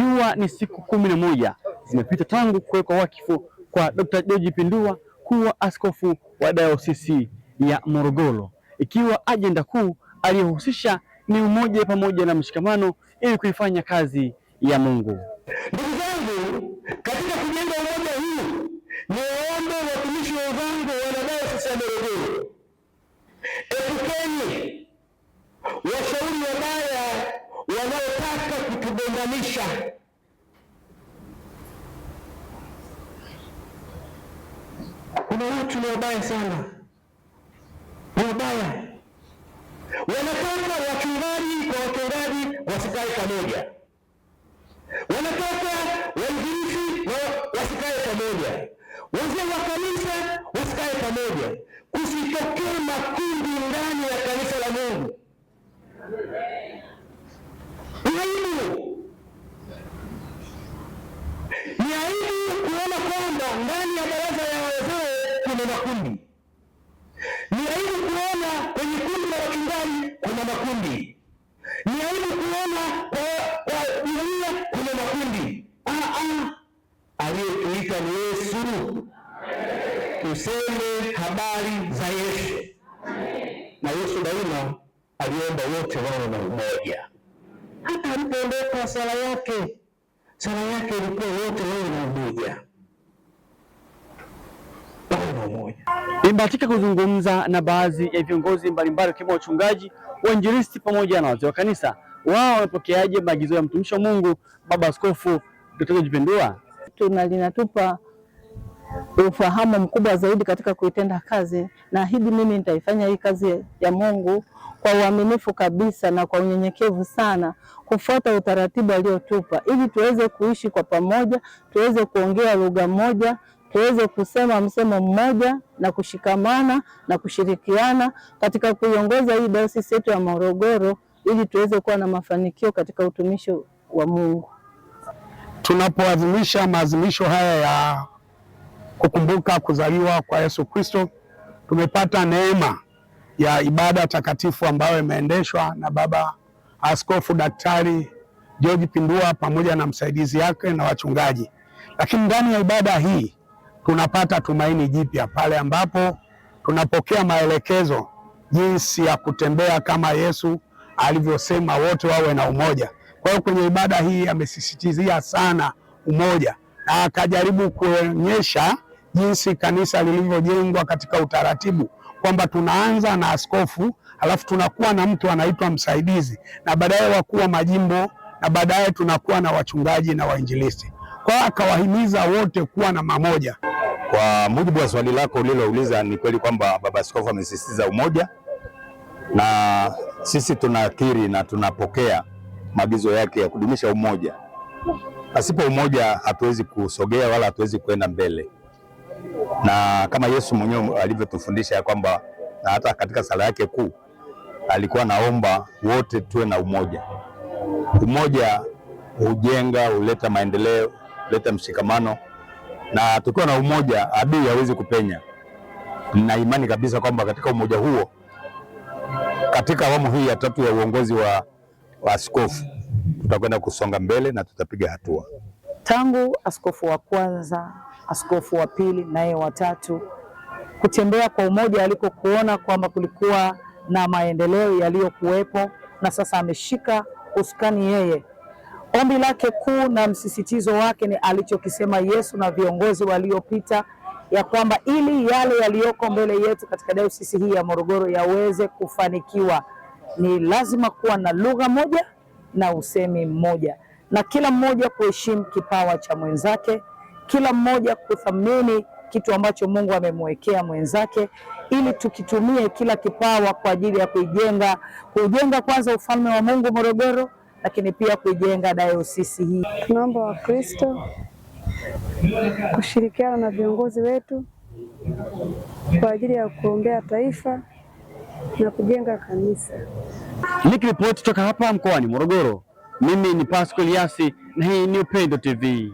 ikiwa ni siku kumi na moja zimepita tangu kuwekwa wakifu kwa Dr. George Pindua kuwa askofu wa dayosisi ya Morogoro, ikiwa ajenda kuu aliyohusisha ni umoja pamoja na mshikamano ili kuifanya kazi ya Mungu. Ndugu zangu, katika kujenga umoja huu, niwaombe watumishi wenzangu wana dayosisi ya Morogoro, epukeni washauri wabaya wanaotaka kutugonganisha. baba yetu ni wabaya sana, ni wabaya. Wanataka wachungaji kwa wachungaji wasikae pamoja, wanataka wainjilisti wasikae pamoja, wazee wa kanisa wasikae pamoja, kusitokee makundi ndani ya kanisa la Mungu. Ni aibu, ni aibu kuona kwamba ndani ya kuna makundi. Ni aibu kuona kwenye kundi la wachungaji kuna makundi. Ni aibu kuona kwa jumuiya kuna makundi. Aliyetuita ni Yesu, tuseme habari za Yesu. Na Yesu daima aliomba wote wawe na umoja. Hata alipoondoka sala yake, sala yake ilikuwa wote wawe na umoja na umoja. Nimebahatika kuzungumza na baadhi ya viongozi mbalimbali wakiwemo wachungaji, wainjilisti pamoja na wazee wa kanisa. Wao wanapokeaje maagizo ya mtumishi wa Mungu Baba Askofu Dr. Jipindua? Tuna linatupa ufahamu mkubwa zaidi katika kuitenda kazi. Naahidi mimi nitaifanya hii kazi ya Mungu kwa uaminifu kabisa na kwa unyenyekevu sana, kufuata utaratibu aliotupa, ili tuweze kuishi kwa pamoja, tuweze kuongea lugha moja, tuweze kusema msemo mmoja na kushikamana na kushirikiana katika kuiongoza hii dayosisi yetu ya Morogoro ili tuweze kuwa na mafanikio katika utumishi wa Mungu. Tunapoadhimisha maadhimisho haya ya kukumbuka kuzaliwa kwa Yesu Kristo, tumepata neema ya ibada takatifu ambayo imeendeshwa na Baba Askofu Daktari George Pindua pamoja na msaidizi yake na wachungaji. Lakini ndani ya ibada hii tunapata tumaini jipya pale ambapo tunapokea maelekezo jinsi ya kutembea kama Yesu alivyosema wote wawe na umoja. Kwa hiyo kwenye ibada hii amesisitizia sana umoja na akajaribu kuonyesha jinsi kanisa lilivyojengwa katika utaratibu kwamba tunaanza na askofu, alafu tunakuwa na mtu anaitwa msaidizi, na baadaye wakuu wa majimbo, na baadaye tunakuwa na wachungaji na wainjilisti. Kwa hiyo akawahimiza wote kuwa na mamoja. Kwa mujibu wa swali lako ulilouliza, ni kweli kwamba baba askofu amesisitiza umoja, na sisi tunakiri na tunapokea maagizo yake ya kudumisha umoja. Pasipo umoja hatuwezi kusogea wala hatuwezi kuenda mbele, na kama Yesu mwenyewe alivyotufundisha ya kwamba, na hata katika sala yake kuu alikuwa naomba wote tuwe na umoja. Umoja hujenga, huleta maendeleo, huleta mshikamano na tukiwa na umoja adui hawezi kupenya. Na imani kabisa kwamba katika umoja huo, katika awamu hii ya tatu ya uongozi wa, askofu tutakwenda kusonga mbele na tutapiga hatua. Tangu askofu wa kwanza, askofu wa pili, naye watatu kutembea kwa umoja alikokuona kwamba kulikuwa na maendeleo yaliyokuwepo, na sasa ameshika usukani yeye Ombi lake kuu na msisitizo wake ni alichokisema Yesu na viongozi waliopita ya kwamba ili yale yaliyoko mbele yetu katika dayosisi hii ya Morogoro yaweze kufanikiwa ni lazima kuwa na lugha moja na usemi mmoja, na kila mmoja kuheshimu kipawa cha mwenzake, kila mmoja kuthamini kitu ambacho Mungu amemwekea mwenzake, ili tukitumie kila kipawa kwa ajili ya kuijenga kujenga kwanza ufalme wa Mungu Morogoro lakini pia kuijenga dayosisi hii. Tunaomba Wakristo kushirikiana na viongozi wetu kwa ajili ya kuombea taifa na kujenga kanisa. Nikiripoti kutoka hapa mkoani Morogoro, mimi ni Pascal Yasi na hii ni Upendo TV.